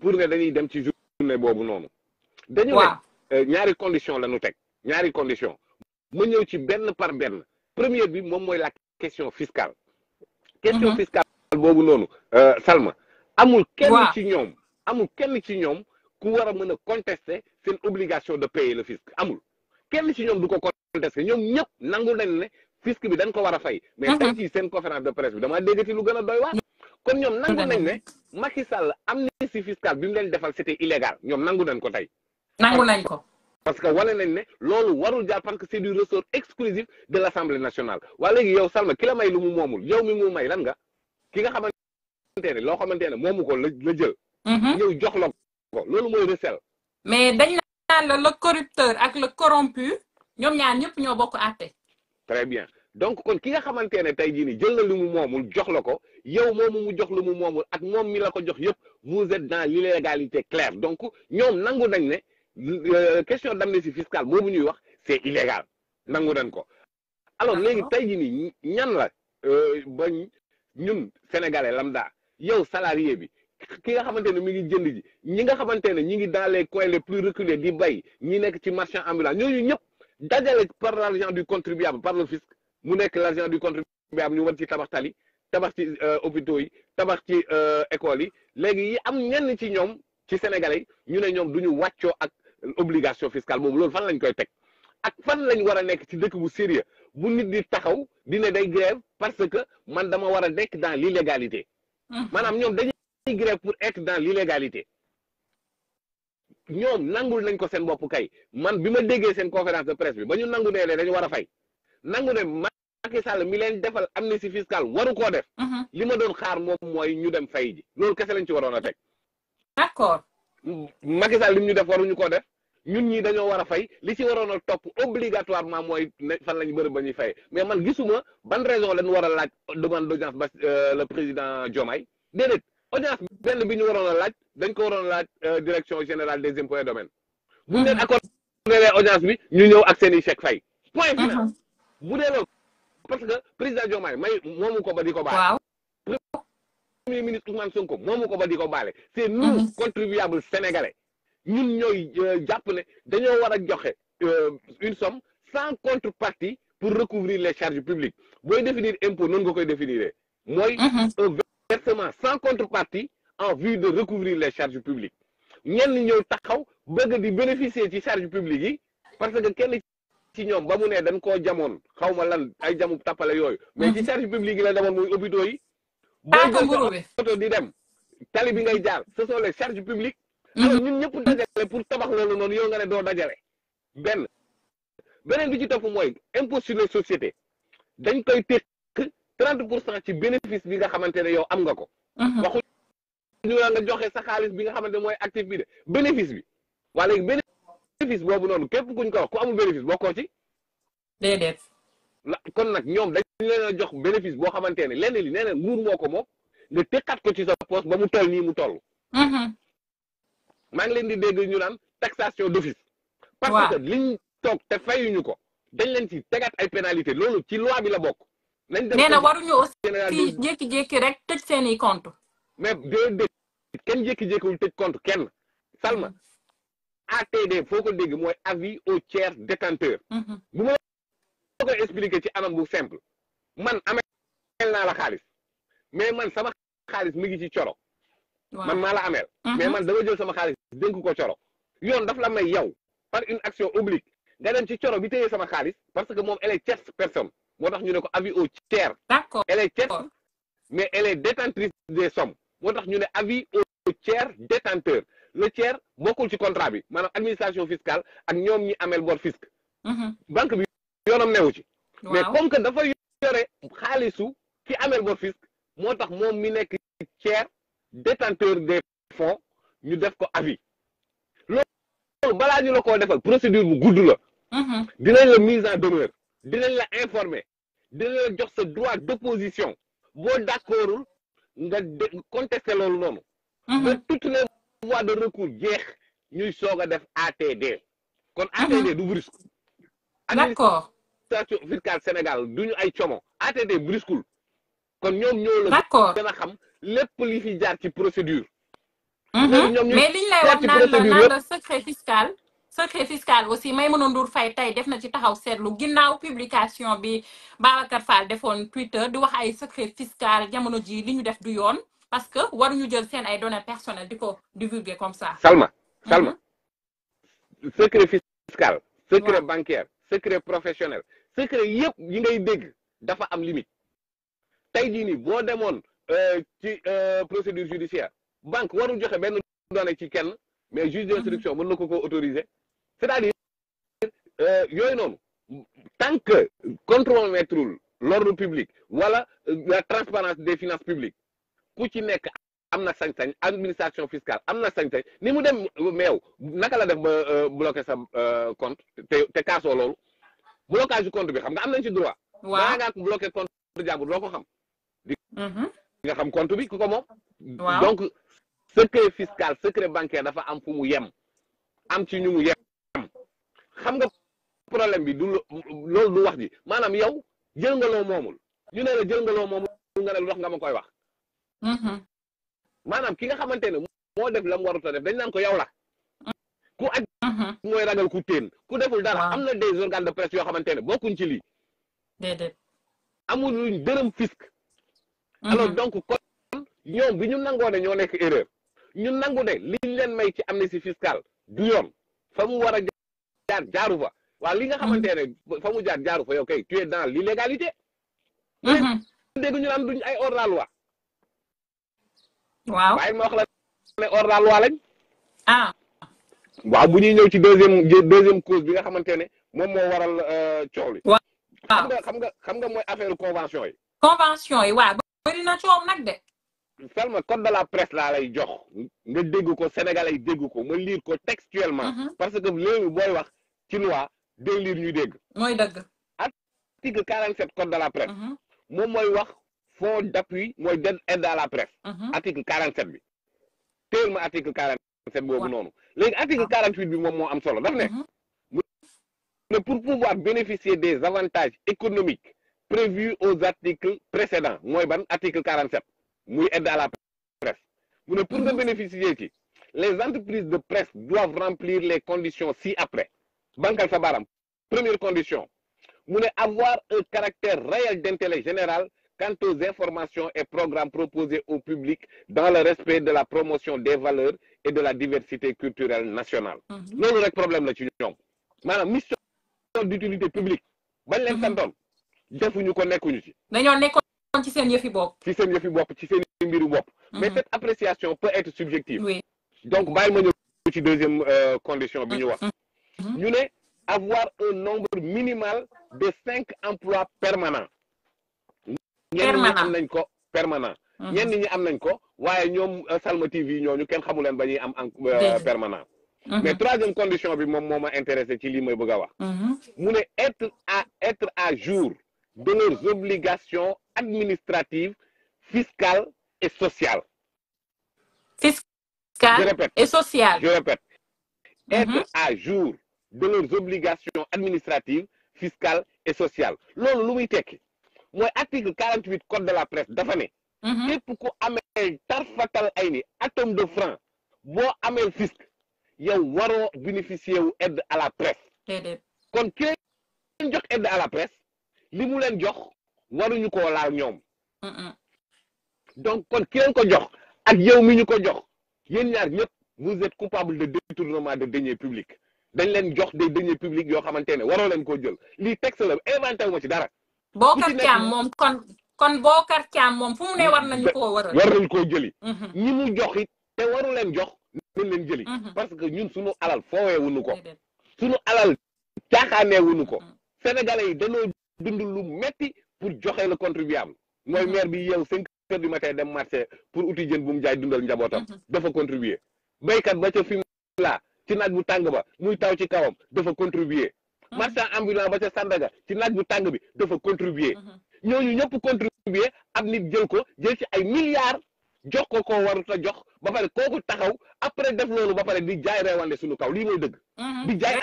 pour ne dañuy dem ci journée boobu noonu. dañu ne euh, ñaari condition la ñu teg ñaari condition ma ñëw ci benn par benn première bi moom mooy la question fiscale. question mhm. fiscale boobu noonu euh, Salma. amul kenn ci ñoom amul kenn ci ñoom ku war a mën a contester seen obligation de payer le fisc amul kenn ci ñoom du ko contester ñoom ñëpp nangu nañ ne fisc bi dañ ko war a fay. mais mhm. tey ci seen conférence de presse bi damaa déggati lu gën a doy waar. kon ñoom nangu nañ ne am Sall amnistie fiscale bi mu leen defal c'était illégal ñoom nangu nañ ko tey. nangu nañ ko. parce que wane nañ ne loolu warul jaar parce que c'est du ressort exclusif de l'Assemblée nationale waa léegi yow Salma ki la may lu mu moomul yow mi mu may lan nga ki nga xamante ne loo xamante ne moomu ko la la jël. ñëw mhm. jox la ko loolu mooy recel. mais dañ naan la le corrupteur ak le corrompu ñoom ñaar ñëpp ñoo bokk àtte. très bien donc kon ki nga xamante ne tey jii nii jël na lu mu moomul jox la ko. yow moomu mu jox lu mu moomul ak moom mi la ko jox yëpp vous êtes dans l'illégalité claire donc ñoom nangu nañ ne euh, question d'amnistie fiscale boobu ñuy wax c'est illégal nangu nañ ko alors léegi tey jii nii ñan la euh, ba ñun sénégalais lambda yow salarié bi ki nga xamante ne mi ngi jënd ji ñi nga xamante ne ñi ngi dans les coins les plus reculés di bay ñi nekk ci marchand ambulant ñooñu ñëpp dajale par l'argent du contribuable par le fisc mu nekk l'argent du contribuable ñu war ci tabax tali tabax ci euh, hôpitaux yi tabax ci euh, écoles yi léegi yi am ñenn ci ñoom ci sénégalais yi ñu ne ñoom du ñu wàccoo ak obligation fiscale moom loolu fan lañ koy teg ak fan lañ war a nekk ci dëkk bu sérieux bu nit di taxaw dina ne day grève parce que man dama war a nekk dans l'illégalité maanaam ñoom dañuy grève pour être dans l'illégalité ñoom nangul nañ ko seen bopp kay man bi ma déggee seen conférence de presse bi ba ñu nangu ne dañu war a fay nangu ne Macky Sall mi leen defal amnistie fiscale waru koo def. Mhm. li ma doon xaar moom mooy ñu dem fay ji loolu kese lañ ci waroon a teg. d'accord. Macky Sall li ñu def waru ñu koo def ñun ñii dañoo war a fay li ci waroon a topp obligatoirement mooy fan lañ bëri ba ñu fay mais man gisuma ban raison lañ war a laaj demande d'audience ba euh, le président Diomaye déedéet audience benn bi ñu waroon a laaj dañ ko waroon a laaj euh, direction général des impôts et domaines. bu ñu leen mhm. accordé audience bi ñu ñëw ak seen i chèque fay. Mhm. bu parce que président Diomaye may moomu ko ba di ko baale. waaw premier ministre Ousmane Sonko moomu ko ba di ko baale. c'est nous mhm. ñun ñooy euh, jàpp ne dañoo war a joxe euh, une somme sans contrepartie pour recouvrir les charges publiques booy définir impôt noonu nga koy définir mooy. Mhm. un versement sans contrepartie en vue de recouvrir les charges publiques ñenn ñëw taxaw bëgg di bénéficier ci charges publiques yi parce que kenn ci ñoom ba mu ne dañ koo jamoon xaw lan ay jamu tappale yooyu. mais mhm. ci service public yi la demoon muy hôpitaux yi. boo jël oto di dem tali bi ngay jaar ce sont les charges publiques. Mhm. alors ñun ñëpp dajale pour tabax loolu noonu yow nga ne dajale. benn beneen bi ci topp mooy impôt sur les sociétés dañ koy tekk trente pour cent ci bénéfice bi nga xamante ne yow am nga ko. Mhm. waxuñu ñu la nga joxe sa xaalis bi nga xamante ne mooy actif bi de bénéfice bi. waa léegi bénéfice boobu noonu képp kuñ ko wax ku amul bénéfice bokkoo ci. déedéet. kon nag ñoom dañ leen a jox bénéfice boo xamante ne lenn li nee na nguur moo ko moom nga teqaat ko ci soo poche ba mu toll nii mu toll. Mm-hmm. maa ngi leen di dégg ñu naan taxation d'office. parce que liñ toog te fayuñu ko dañ leen ci tegaat ay pénalité loolu ci loi bi la bokk. nañ dem nee na waruñu aussi jékki-jékki rek tëj seeni compte mais déedéet kenn jékki-jékkiwul tëj compte kenn Salma. Mm-hmm. ATD foo ko dégg mooy avis au tiers détenteur mhm. bu ma la koy expliquer ci anam bu simple man ameel naa la xaalis mais man sama xaalis mi ngi ci coro man maa la ameel mhm. mais man dama jël sama xaalis dénk ko coro yoon daf la may yow par une action oblique nga ci coro bi téye sama xaalis parce que moom elle est tierce personne moo tax ñu ne ko avis au tiers d'accord elle est tierce mais elle est détentrice des somme moo tax ñu ne avis au tiers détenteur le tiers bokkul ci contrat bi maanaam administration fiscale ak ñoom ñi ameel bor fisc mhm. banque bi yoonam newu ci mais comme que dafa yore xaalisu ci amel bor fisc moo tax moom mi nekk tiers détenteur des fonds ñu def ko avis loolu balaa ñu la koo defal procédure bu gudd la mhm. dinañ la mise en demeure dinañ la informer dinañ la jox sa droit d'opposition boo d'accordul nga contesté loolu noonu mhm. voie de recours jeex ñuy soog a def ATD kon mhm. ATD du brusque d'accord administration fiscale Sénégal duñu ay como ATD brusqueul kon ñoom ñoo la gën a xam lépp li fi jaar ci procédure mhm. ñoom ñu mais liñ lay wax naan la naan la secret fiscal secret fiscal aussi Maimouna Ndour Faye tey def na ci taxaw seetlu ginnaaw publication bi Babacar Fall defoon Twitter di wax ay secret fiscal jamono ji li ñu def du yoon parce que waruñu jël seen ay données personnelles di ko divulguer comme ça. Salma Salma. Mhm. secret fiscal. secret bancaire secret professionnel secret yëpp yi ngay dégg dafa am limite. tey jii nii boo demoon euh, ci euh, procédure judiciaire banque warul joxe benn doone ci kenn mais juge mhm. d'instruction mën na ko ko autoriser c'est-à-dire euh, yooyu noonu tant que contrôle maître l'ordre public wala la transparence des finances publiques ku ci nekk am na sañ-sañ administration fiscale am na sañ-sañ ni mu dem meew naka la def ba euh, bloqué sa euh, compte te te kaasoo loolu blocage compte bi xam nga am nañ ci droit. waa daa ngaa bloqué compte ko xam. Mm-hmm. nga xam compte bi ku ko moom. donc dafa am fu mu yem. am ci ñu mu yem. xam nga problème bi du loolu du wax ji maanaam yow jël nga loo moomul ñu ne la jël nga loo moomul nga ne lu tax nga ma koy wax. Mm-hmm. maanaam ki nga xamante ne moo def la mu warut a def dañ naan ko yow la ku aj mm-hmm. mooy ragal ku téen ku deful dara am na des organes de presse yoo xamante ne bokkuñ ci lii déedéet amul luñ dërëm fisc mm-hmm. alors donc kon ñoom bi ñu nangoo ne ñoo nekk erreur ñu nangu ne liñ leen may ci amnistie fiscale du yoon fa mu war a jaar jaaru fa waaw li nga xamante ne fa mu jaar jaaru fa yow kay tu es dans l'illégalité dégg ñu naan duñ ay hors la loi waaw waaye ma wax la ne hors la loi waaw bu ñuy ñëw ci deuxième deuxième cause bi nga xamante ne moom moo waral euh, coow li. waaw xam nga xam nga xam nga mooy affaire convention yi. convention yi waaw bëri na coow nag de. Salma code de la presse laa lay jox nga dégg ko sénégal yi dégg ko ma liir ko textuellement. Mhm. parce que léegi booy wax ci loi day lire ñuy dégg. mooy dëgg. article 47 code de la presse. Mhm. moom mooy wax fonds d'appui mooy d'aide à la presse. Mhm. article quarante sept bi. teel ma article quarante noonu. léegi article ah. quarante huit bi moom moo am solo daf ne. mais mhm. pour pouvoir bénéficier des avantages économiques prévus aux articles précédents mooy ban article quarante sept muy aide à la presse. mu ne pour nga mhm. bénéficier ci les entreprises de presse doivent remplir les conditions si après bankal sa baram première condition mu ne avoir un caractère réel d'intérêt général. quant aux informations et programmes proposés au public dans le respect de la promotion des valeurs et de la diversité culturelle nationale mhm. loolu rek problème la ci ñoom mission d'utilité publique bañ leen mhm. santoon defuñu ko nekkuñu ci dañoo nekkoon ci seen yëfi bopp ci seen yëfi bopp ci seen mbiru bopp mhm. mais cette appréciation peut être subjective oui. donc bàyyi ma ñëw ci deuxième euh, condition bi ñu wax ñu ne avoir un nombre minimal de cinq emplois ñenn am nañ ko permanent mhm. ñenn ñi am nañ ko waaye ñoom euh, Salma TV ñooñu kenn xamu leen ba ñuy am en euh, permanent mhm. mais troisième condition bi moom moo ma intéressé ci lii may bëgg a wax mhm. mu ne être à être à jour de leurs obligations administratives fiscales et sociales fiscales je répète, et sociales je répète être à jour de leurs obligations administratives fiscales et sociales loolu lu muy tekki mooy article quarante huit code de la presse dafa ne mhm. képp ku ameel tarfatal ay ni atome de franc boo ameel fisc yow waroo bénéficier wu aide à la presse kon ki leen jox aide à la presse li mu leen jox waruñu ko laal ñoom mhm. donc kon ki leen ko jox ak yow mi ñu ko jox yéen ñaar ñëpp vous êtes coupable de détournement de deniers publics dañ leen jox de deniers publics yoo xamante ne waroo leen koo jël lii texte la inventé wu ma ci dara Bocar Thiam moom kon kon Bocar Thiam moom fu mu ne war nañu koo war war nañ koo jëli mhm. ñi mu jox it te waru jox nañ leen jëli mhm. parce que ñun suñu alal foowee wuñu ko suñu alal caaxaanee wuñu ko mhm. sénégalais yi dañoo dund lu metti pour joxe le contribuable mooy maire bi yeew cinq heures du matin dem marché pour uti jën bu mu jaay dundal njabootam dafa contribuer béykat ba ca fim la ci naaj bu tàng ba muy taw ci kawam dafa contribuer Mm-hmm. marchand ambulant ba ca Sandaga ci naaj bu tàng bi dafa contribuer mm-hmm. ñooñu ñëpp contribuer ab nit jël ko jël ci ay milliards jox ko ko warut a jox ba pare kooku taxaw après def loolu ba pare di jaay reewande suñu kaw lii mooy dëgg mm-hmm. di jaay eh,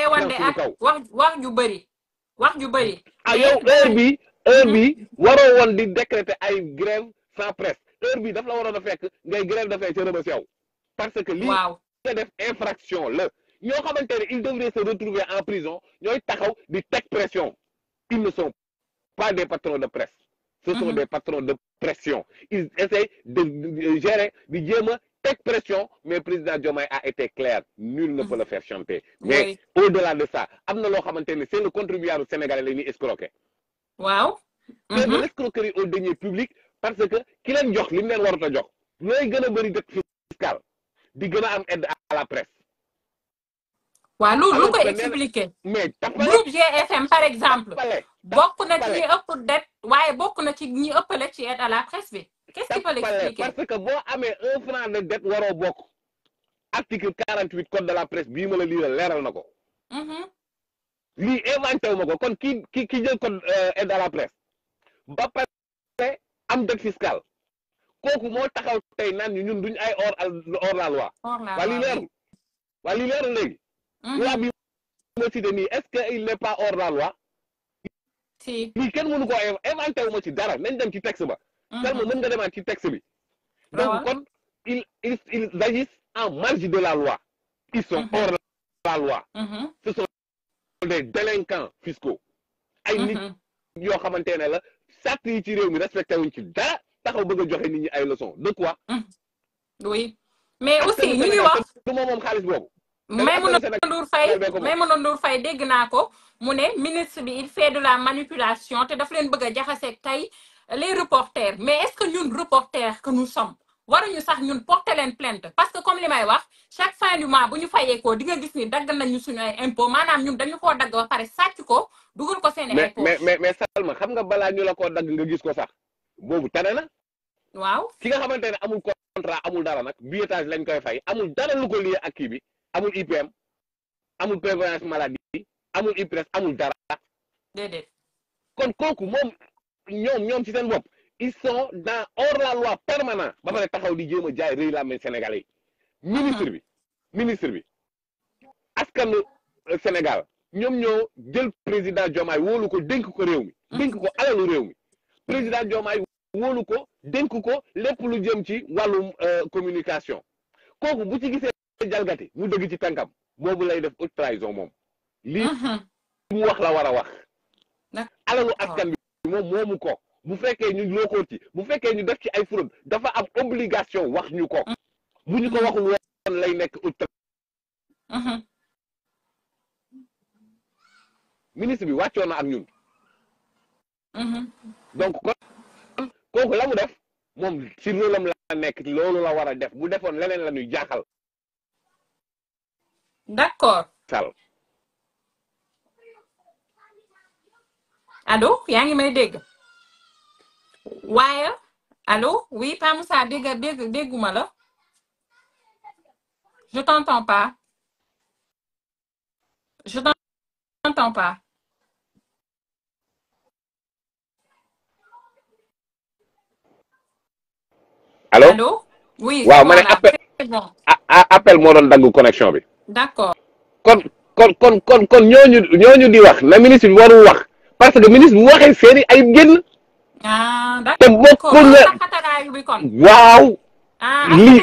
aroon suñu kaw wax wax ju bëri wax ju bëri ah yow heure bi heure bi waroo woon di décréter ay grève sans presse heure bi daf la waroon a fekk ngay grève dafay ca rëbës yow parce que li nga def infraction la ñoo xamante ne ils devraient se retrouver en prison ñooy taxaw di teg pression ils ne sont pas des patrons de presse ce sont mhm. des patrons de pression ils essaient de gérer di jéem a teg pression mais président Diomaye a été clair nul ne peut le faire chanter mhm. mais au-delà de ça am na loo xamante ne seen contribuable sénégalais la ñuy escroquer waaw mais mhm. de l'escroquerie au denier public parce que ki leen jox li mu leen warut jox looy gën a bëri de fiscale di gën a am aide à la presse waaw lu lu koy expliquer groupe GFM par exemple bokk na ci ñi ëpp det waaye bokk na ci ñi ëppale ci aide à la presse bi qu'est-ce qui peut l'expliquer parce que boo amee un franc de det waroo bokk article quarante huit code de la presse bii ma la lii la leeral na ko mhm. lii inventé wu ma ko kon ki ki ki jël code euh, aide à la presse ba pare am dette fiscale kooku moo taxaw tey naan ñu ñun duñ ay hors la loi waa li leerul waa léegi loi bi ma nii est-ce que il si lii kenn mënu koo inventé wu ma ci dara nañ dem ci texte ba tellement mhm. mën nga demaat ci texte bi ah donc kon ils ils ils agissent en marge de la loi ils sont mhm. hors la loi mhm. ce sont des délinquants fiscaux ay nit yoo xamante ne la sàrt yi ci réew mi respecté wuñ ci dara taxaw bëgg a joxe nit ñi ay leçon de quoi oui mais aussi ñu ngi wax du xaalis boobu Maimouna Ndour Faye Maimouna Ndour Faye dégg naa ko mu ne ministre bi il fait de la manipulation te daf leen bëgg a jaxaseeg tey les reporters mais est-ce que ñun reporters que nous sommes waruñu sax ñun porter leen plainte parce que comme li may wax chaque fin du mois bu ñu fayee ko di nga gis ni dagg nañu suñu ay impôt maanaam ñun dañu koo dagg wax pare sàcc ko dugal ko seen impôt mais mais mais Salma xam nga balaa ñu la koo dagg nga gis ko sax boobu tane waaw ki nga xamante ne amul contrat amul dara nag billetage lañ koy fay amul dara lu bi amul IPM amul prévoyance maladie amul IPRES amul dara. déedéet. kon kooku moom ñoom ñoom ci seen bopp ils sont dans hors la loi permanent ba pare taxaw di jéem a jaay rëy la mel Sénégalais yi. Ah. ministre bi ministre bi askanu euh, Sénégal ñoom ñoo jël président Diomaye wóolu ko dénk ko réew mi. Mm. dénk ko alalu réew mi président Diomaye wóolu ko dénk ko lépp lu jëm ci wàllum euh, communication kooku bu ci gisee. jalgati mu dëgg ci tànkam moom lay def haute moom lii mu wax la war a wax alalu askan bi moom moomu ko bu fekkee ñu lookoot ci bu fekkee ñu def ci ay fraude dafa am obligation wax ñu ko mu ñu ko waxul woon lay nekk haute ministre bi wàccoon na ak ñun donc kon kooku la mu def moom ci rôlam la nekk loolu la war a def bu defoon leneen la ñuy jaaxal d'accord alors allo yaa ngi may dégg waaye alo oui Pa Moussa dégg dégg dégguma la je t'entends pas je t'entends pas allo allo oui waaw ma ne appel appel moo doon dagg connexion bi d'accord kon kon kon kon kon ñooñu ñooñu di wax la ministre bi warul wax parce que ministre bu waxee seeni ay génn. Ah, te waaw. Ah, lii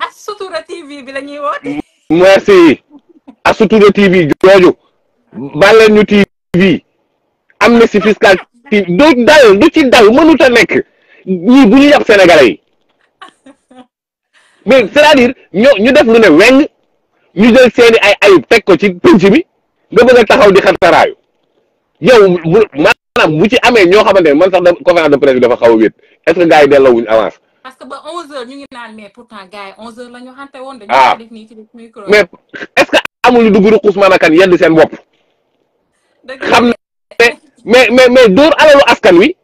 Astutura TV bi la ñuy woote. merci Astutura TV jooju bàlleen ñu TV amnistie fiscale TV du dal du ci dal mënut nekk ñii bu ñu yàpp sénégalais yi mais cest ñu def lu ne weng. ñu jël seeni ay ayib teg ko ci pénc mi nga bëgg a taxaw di xartaraayu yow bu maanaam bu ci amee ñoo xamante ne man sax da conférence de presse bi dafa xaw a wéet est ce que gars yi delloo wuñ avance. parce que ba 11h ñu ngi naan mais pourtant gars yi 11h la ñu xamante woon. dañu ah. def nii ci micro mais est ce que amul ñu dugg ruqus maanaam yedd seen bopp. xam ne mais mais mais dóor alalu askan wi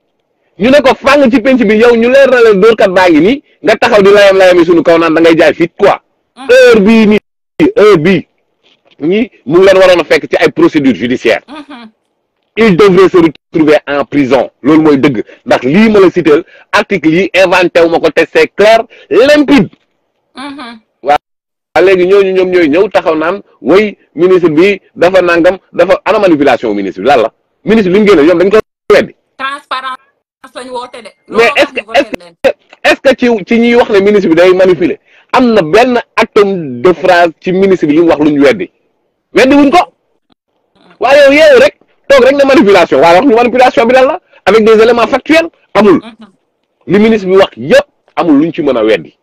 ñu ne ko fàng ci penc bi yow ñu leer na leen dóorkat baa ngi nii nga taxaw di layam layam yi suñu kaw naan da ngay jaay fit quoi. Mm. heure bii nii un bi ñi mu ngi leen waroon a fekk ci ay procédures judiciaires mm-hmm. il devrait se retrouver en prison loolu mooy dëgg ndax lii ma la citeel article yi inventé wu ma ko te c'est clair limpide mm-hmm. waaw léegi ñooñu ñoom ñooy ñëw taxaw naan way ministre bi dafa nangam dafa ana manipulation ministre bi lan la ministre bi mu génne ñoom dañ ko weddi transparence lañ woote de mais est-ce que est-ce que ci ci ñuy wax ne ministre bi day manipuler am na benn atome de phrase ci ministre bi li wax lu ñu weddi weddi wuñ ko waaye yow yeewu rek toog rek ne manipulation waa wax ñu manipulation bi lan la avec des éléments factuels amul mhm. li ministre bi wax yëpp amul luñ ci mën a weddi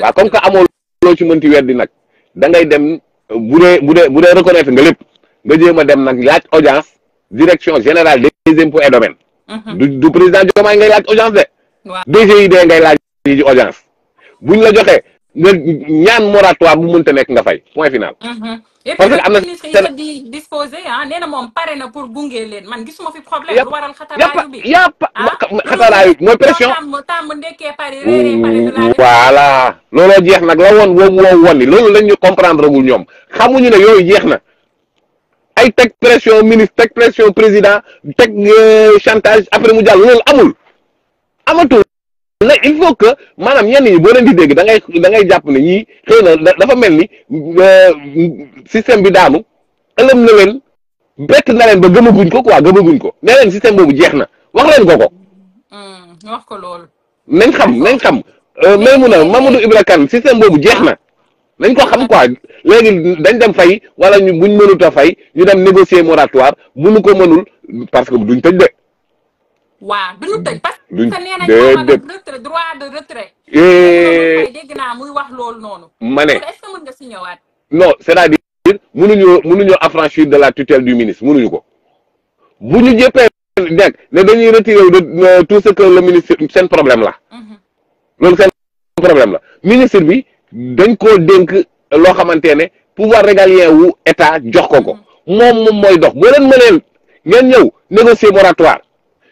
waaw comme que amoo loo ci mënti weddi nag da ngay dem bu dee bu dee bu dee reconnaître nga lépp nga jéem a dem nag laaj audience direction général des impôts et domaines mhm. du du président Diomaye ngay laaj audience de DGID ngay laaj ji la joxee nga ñaan moratoire bu mënta nekk nga fay point final. Mhm. parce que am na seen di disposé ah, na moom pare na pour gunge leen man gisuma fi problème. lu waral ah, xataraayu bi mooy pression. Mm, voilà looloo jeex nag la woon woowu woowu woon loolu lañ comprendre wul ñoom xamuñu na yooyu jeex na ay teg pression ministre teg pression président teg euh, chantage après mu jàll loolu amul amatul. nag il faut que maanaam ñenn ñi boo leen di dégg da ngay ngay jàpp ne ñii xëy na dafa mel ni euh, système bi daanu ëlëm na leen bett na leen ba gëmaguñ ko quoi gëmaguñ ko nee leen système boobu jeex na wax leen ko ko. Hmm, wax ko lool. nañ xam nañ xam euh, may mun a Mamadou Ibra Kane système boobu jeex na nañ ko xam quoi léegi dañ dem fay wala ñu buñ mënut a fay ñu dem négocier moratoire mënu ko mënul parce que duñ tëj de. waaw du ñu tëj parce que nee nañ retrait droit de eh. ma ne est-ce que mën nga si ñëwaat non c'est-à-dire mënuñu mënuñu de la tutelle du ministre mënuñu ko bu ñu jëppee nekk ne dañuy retirer de tout ce que le ministre seen problème la mhm. loolu seen problème la ministre bi dañ ko dénk loo xamante ne pouvoir régalien wu état jox ko ko mhm. moom moom mooy dox boo leen mëneen ngeen ñëw négocier moratoire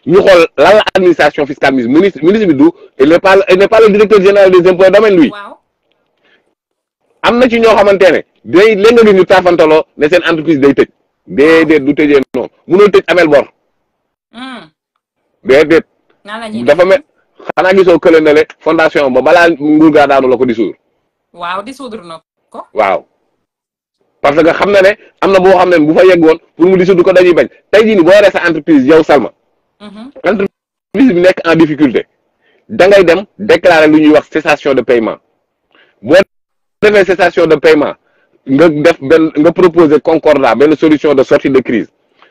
ñu xool lan la administration fiscale mi ministre ministre bi du il n'est pas directeur général des impôts et domaines am na ci ñoo xamante ne day léeg-léeg ñu taafantaloo ne seen entreprise day tëj déedéet du tëjee noonu munoo tëj amel bor. Hmm. déedéet. dafa mel xanaa gisoo kële na le fondation ba balaa nguur gaa daanu la ko di suur. waaw di parce que xam na ne am na boo xam ne bu fa yegg woon pour mu di ko dañuy bañ tey jii nii boo yoree sa entreprise Mhm. entreprise bi nekk en difficulté da ngay dem déclarer lu ñuy wax cessation de paiement boo defee cessation de paiement nga def benn nga proposer concordat benn solution de sortie de crise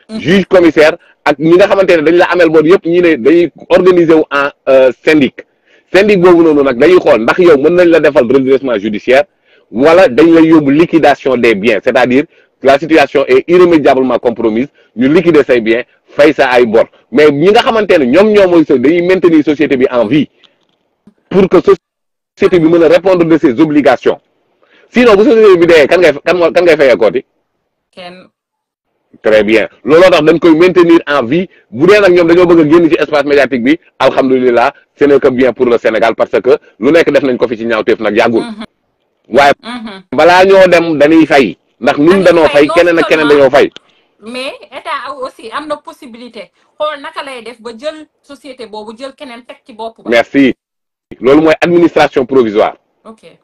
mhm. juge commissaire ak ñi nga xamante ne dañ la ameel boon yëpp ñi ne dañuy organiser wu en euh, syndic syndic boobu noonu nag dañuy xool ndax yow mën nañ la defal redressement judiciaire wala dañ lay yóbbu liquidation des biens c'est-à-dire la situation est irrémédiablement compromise ñu liquider say biens fay sa ay bor mais ñi nga xamante ne ñoom ñoo mooy dañuy maintenir société bi en vie pour que société bi mën a répondre de ses obligations sinon bu société bi de kan ngay kan kan ngay fayee kooti kenn très bien looloo tax dañ koy maintenir en vie bu dee nag ñoom dañoo bëgg a génn ci espace médiatique bi alhamdulilah ce n'est que bien pour le Sénégal parce que lu nekk def nañ ko fi ci ñaawteef nag yàggul mhm. waaye mhm. balaa ñoo dem dañuy fay ndax ñun dañoo fay keneen ak keneen dañoo fay mais état aw aussi am na possibilité xool naka lay def ba jël société boobu jël keneen teg ci bopp ba merci loolu mooy administration provisoire ok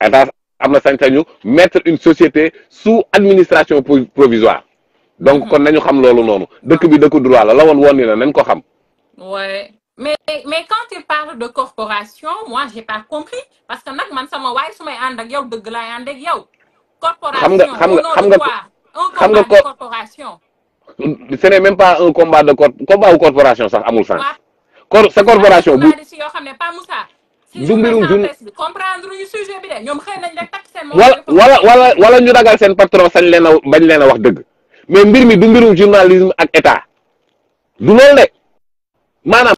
état am na sañ-sañu mettre une société sous administration provisoire donc mhm. kon nañu xam loolu noonu dëkk bi dëkku droit la la woon woon ni la nañ ko xam mais mais quand il parle de corporation moi j'ai pas compris parce que nag man sama waay su may ànd ak yow dëgg laay ànd ak xam nga xam nga xam nga xam nga ko ce n'est même pas un combat de cor corporation sax amul sens. cor sa corporation bu. du mbirum jun wala wala wala wala ñu ragal seen patron sañ leen a bañ leen a wax dëgg mais mbir mi du mbirum journalisme ak état du loolu de maanaam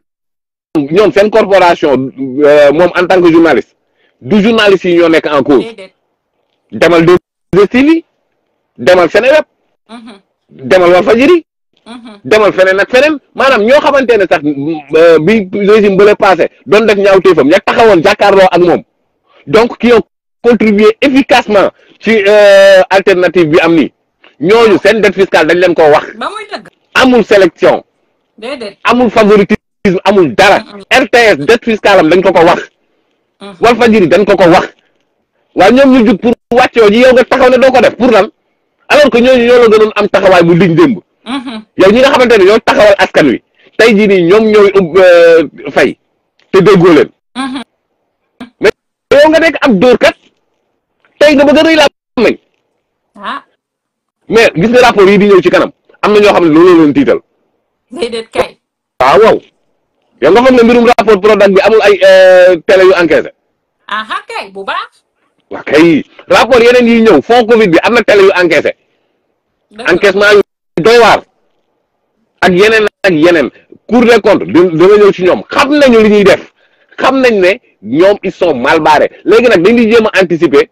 ñoom seen corporation euh, moom en tant que journaliste du journaliste yi ñoo nekk en cause demal de demal Seneweb mhm. demal Walfadjri mhm. demal feneen ak feneen maanaam ñoo xamante ne sax euh, bi régime bële passé doon def ñaaw téefam ña taxawoon jàkkaarloo ak moom donc qui ont contribué efficacement ci euh, alternative bi am ni ñooñu ah. seen dette fiscale dañ leen ko wax amul sélection amul favoritisme amul dara RTS dette fiscale am dañ ko ko wax mm-hmm. Walfadjri dañ ko ko wax waaye ñoom ñu jug pour wàccoo ji yow nga taxaw ne doo ko def pour lan alors que ñooñu ñoo la am taxawaay bu dig démb. Mhm. yow ñi nga xamante ne ñoo taxawal askan wi tey jii nii ñoom ñoo euh, fay te déggoo leen. Mhm. mais nga nekk ab dóorkat tey nga bëgg a rëy laa mañ ah. mais gis nga rapport yi di ñëw ci kanam am na ñoo xam ne loolu leen tiital. déedéet kay. Ah, waaw nga xam ne mbirum rapport Prodac bi amul ay euh, tele yu enquête. aha ah, waa kay rapport yeneen yi ñëw fond Covid bi am na télé yu encaissé encaissement yu doy waar ak yeneen ak yeneen cour des comptes danga ñëw ci ñoom xam nañu li ñuy def xam nañ ne ñoom ils sont mal barrés léegi nag dañ di jéem a anticiper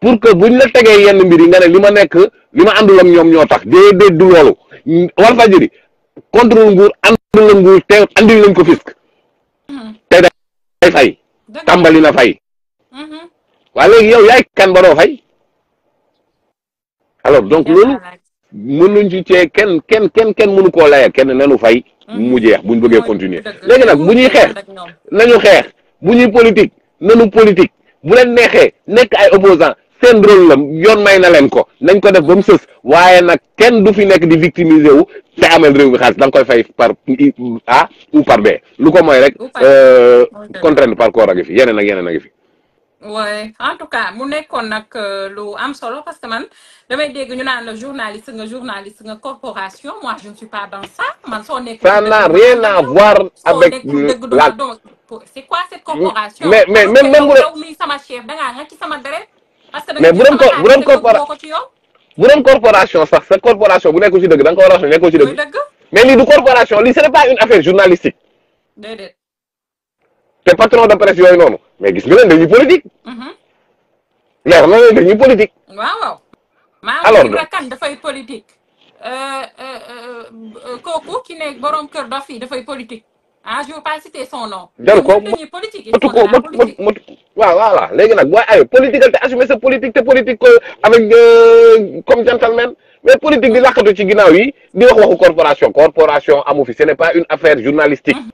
pour que ñu la tegee yenn mbir yi nga ne li ma nekk li ma àndul ak ñoom ñoo tax déedéet du loolu Walfadjri contre nguur àndul la nguur te andil nañ ko fisc hmm. te day fay tàmbali na fay waa léegi yow yaay kan ba doo fay alors donc loolu mënuñ ci cee kenn kenn kenn kenn mënu koo laya kenn nenu fay hmm. mu jeex buñ bëggee continuer léegi nag bu ñuy xeex nañu xeex bu ñuy politique nanu politique bu leen neexee nekk ay opposant seen rôle la yoon may na leen ko nañ ko def ba mu sës waaye nag kenn du fi nekk di victimiser wu te amel réew mi xaalis da nga koy fay par A ou par B lu ko moy rek euh, contrainte par corps a fi yeneen ak yeneen a ngi fi oui en tout cas mu nekkoon nag euh, lu am solo parce que man damay dégg ñu naan la journaliste nga journaliste nga corporation moi je ne suis pas dans ça man soo nekk. ça n'a rien à voir avec la c'est quoi cette corporation. mais mais même même bu doon mi sama chef da ngaa nga ci sama deret. parce que mais bu doon bu doon corporation sax sa corporation bu nekkul ci dëgg da nga ko war a wax ne nekkul ci dëgg. mais lii du corporation lii ce n'est pas une affaire journalistique. déedéet. patron de presse yooyu noonu. mais gis nga leen dañuy politique. Mhm. leer na leen dañuy politique. waaw waaw. alors maa kan dafay politique. Euh, euh, euh, kooku ki ne borom kër dof yi dafay politique. ah je veux pas citer son nom. jaru ko motu ko motu motu waaw léegi nag booy ay politique te assumer sa politique te politique ko avec comme gentleman mais politique di làqatu ci ginnaaw yi di wax waxu corporation corporation amu fi ce n'est pas une affaire journalistique. Mhm.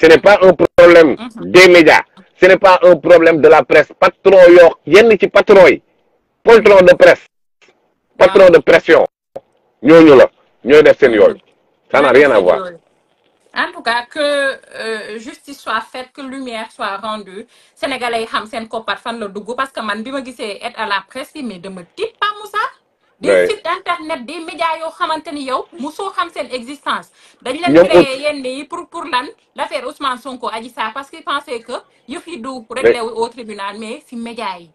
ce n'est pas un problème mhm. des médias. ce n'est pas un problème de la presse patron yoo yenn ci patron yi poltron de presse patron ah. de pression ñooñu la ñooy def seen yooyu ça n'a rien à voir en tout cas que euh, justice soit faite que lumière soit rendue sénégalais yi xam seen koppar fan la dugg parce que man bi ma gisee et à la presse yi mais dama des sites internet des médias yoo xamante ni yow musoo xam seen existence. dañ leen créé yenn yi pour pour lan l'affaire Ousmane Sonko Adji Sarr parce que yëf yi du. réglé au tribunal mais si médias yi.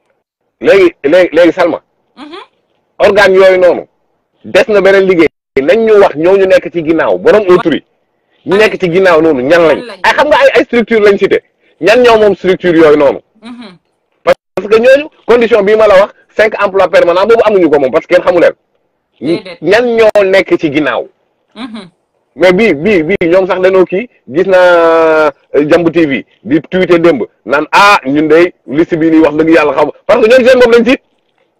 léegi léegi léegi Salma. Mhm. organe yooyu noonu. des na beneen liggéey. nañ ñu wax ñoo ñu nekk ci ginnaaw borom autori ñu nekk ci ginnaaw noonu ñan lañ. ay xam nga ay ay structure lañ cité ñan ñoo moom structure yooyu noonu. Mhm. parce que ñooñu condition bii ma wax. cinq emploi permanent boobu amuñu ko moom parce que kenn ñan ñoo nekk ci ginnaaw mhm. mais bii bii bii ñoom sax dañoo kii gis naa euh, Jambu TV di tuité démb naan a ah, ñun de liste bii ni wax dëgg yàlla xam parce que ñoom seen bopp lañ siit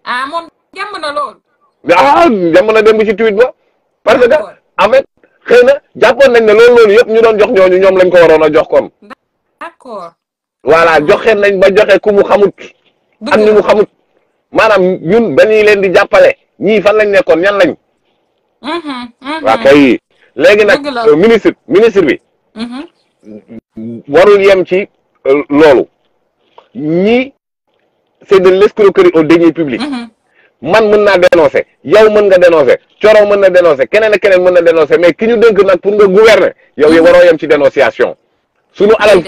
ah moom jamb na ah, jamb na démb ci tweet ba parce que en fait xëy na jàppoon nañ ne loolu loolu yëpp ñu doon jox ñooñu ñoom lañ ko waroon a jox kon d'accord voilà joxe nañ ba joxe ku mu xamut am ñu mu xamut maanaam ñun dañuy leen di jàppale ñii fan lañ nekkoon ñan lañ. Mm-hmm, mm-hmm. waa kay léegi nag euh, ministre ministre bi. Mm-hmm. waru yem ci euh, loolu ñii c'est de l'escroquerie aux deniers publics. man mën naa dénoncer yow mën nga dénoncer coro mën na dénoncer keneen ak keneen mën na dénoncer mais ki ñu dënk nag pour nga gouverner yow yow waroo yem ci dénonciation. suñu alal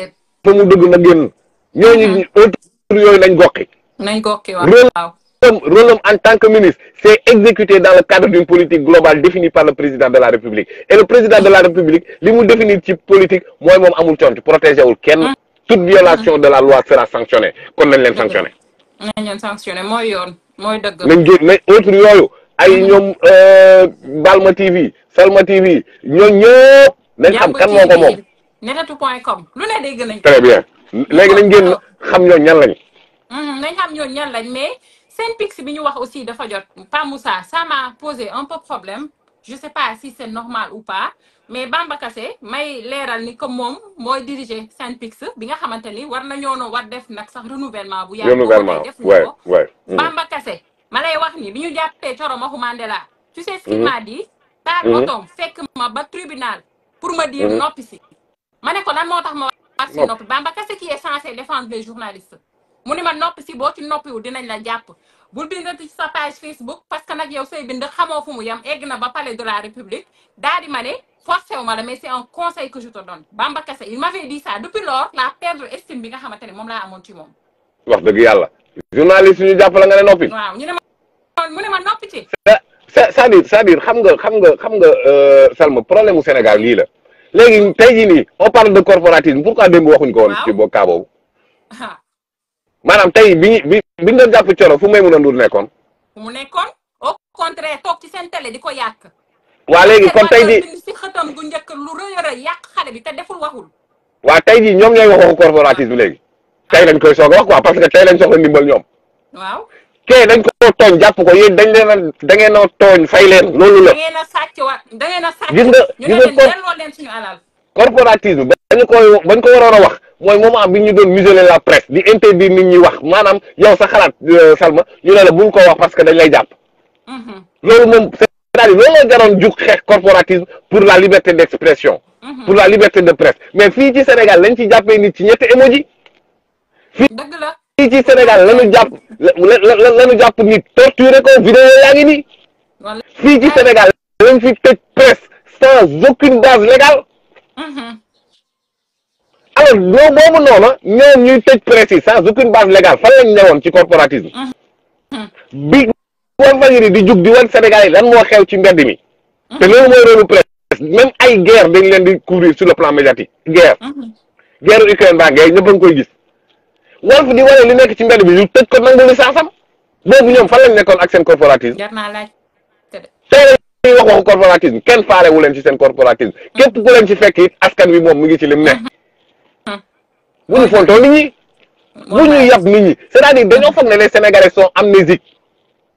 fa mu dëgg na génn ñooñu autour yooyu lañ goqi nañ ko en tant que ministre c'est exécuté dans le cadre d'une politique globale définie par le président de la république et le président de la république li mu définir ci politique mooy moom amul cont protégé wul kenn ah. toute violation de la loi sera sanctionnée kon nañ leen sanctionné nañ leen sanctionné mooy yoon mooy dëgg nañ jël nañ autre yooyu ay mm-hmm. ñoom euh, Balma TV Salma TV ñoo ñëpp nañ xam kan moo ko moom netatu point com lu ne dégg nañ très bien léegi nañ génn xam ñoo ñan lañ Mhm, nañ xam ñooñu ñan lañ mais seen pix bi ñu wax aussi dafa jot Pa Moussa ça m'a posé un peu problème je sais pas si c'est normal ou pas mais Bamba Kassé may leeral ni comme moom mooy diriger Synpics bi nga xamante ni war nañoo noo war def nag sax renouvellement bu yàgg renouvellement def ko mm. Bamba Kassé ma lay wax ni bi ñu jàppee Coro Maxu Mandela tu sais ce qu'il mm-hmm. m'a dit taal mm-hmm. otoom fekk ma ba tribunal pour ma dire mm-hmm. noppi si ma ne ko lan moo tax ma wax si noppi Bamba Kassé les journalistes mu ni ma noppi si boo ci noppiwu dinañ la jàpp bul bindati ci sa page Facebook parce que nag yow say bind xamoo fu mu yem egg na ba palais de la République daal di ma ne forcé wu ma la mais c'est un conseil que je te donne Bamba Kassé il m'avait dit ça depuis lors la perdre estime bi nga xamante ne moom laa amoon ci moom. wax dëgg yàlla. journaliste ñu jàpp la nga ne noppi. waaw ñu ne ma mu ne ma noppi ci. c'est-à-dire c'est-à-dire xam nga xam nga xam nga euh, Salma problème mu Sénégal lii la léegi tey jii nii on parle de corporatisme ko woon. ci maanaam tey bi bi bi nga jàpp coro fu may mun a ndul nekkoon. fu mu nekkoon au contraire toog ci seen télé di ko yàq. waa léegi kon tey di si xëtam gu njëkk lu rëy tey jii ñoom ñooy wax waxu corporatisme ah. léegi. tey dañ koy soog a wax quoi parce que tey lañ soxla ndimbal ñoom. waaw kay dañ ko tooñ jàpp ko yéen dañ leen a da ngeen a tooñ fay leen loolu la. da a a sàcc. gis nga gis bañ ko bañ ko waroon a wax. mooy moment bi ñu doon museler la presse di interdire nit ñi wax maanaam yow sa xalaat euh, Salma ñu ne la buñ ko wax parce que dañ lay jàpp mm-hmm. loolu moom c'est-à-dire looloo jaroon jug xeex corporatisme pour la liberté d'expression mm-hmm. pour la liberté de presse mais fii ci Sénégal lañ ci jàppe nit ci ñetti émoji fii fii ci Sénégal lañu jàpp lañu jàpp nit torturer ko vidéo yaa ngi nii fii ci Sénégal lañ fi tëj presse sans aucune base légale mm-hmm. alors ñoo boobu noonu ñoom ñuy tëj presse yi sans aucune base légale fan lañ ñëwoon ci corporatisme mm-hmm. bi di jug di wan Sénégal yi lan moo xew ci mbedd mi mm-hmm. te loolu mooy rôlu presse même ay guerre dañ leen di couvrir sur la plan médiatique mm-hmm. guerre guerre Ukraine baa ngay ñëpp a ngi koy gis Walf di wane li nekk ci mbedd bi ñu tëj ko nangu licence am boobu ñoom fan lañ nekkoon ak seen corporatisme tey ñuy wax waxu corporatisme kenn faale wu leen ci seen corporatisme képp ku ci fekk it wi moom mu ngi ci bu ñu fontoo nit ñi bu ñu yab nit ñi c'est-à-dire dañoo foog ne les sénégalais sont amnésiques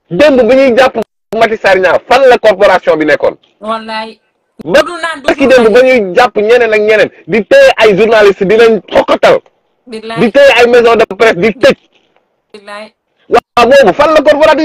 démb bi ñuy jàpp Mati Sarr fan la corporation bi nekkoon. wallaay. ba ki démb ba ñuy jàpp ñeneen ak ñeneen di téye ay journaliste di leen xokkatal. di téye ay maison de presse di tëj. waaw boobu fan la corporation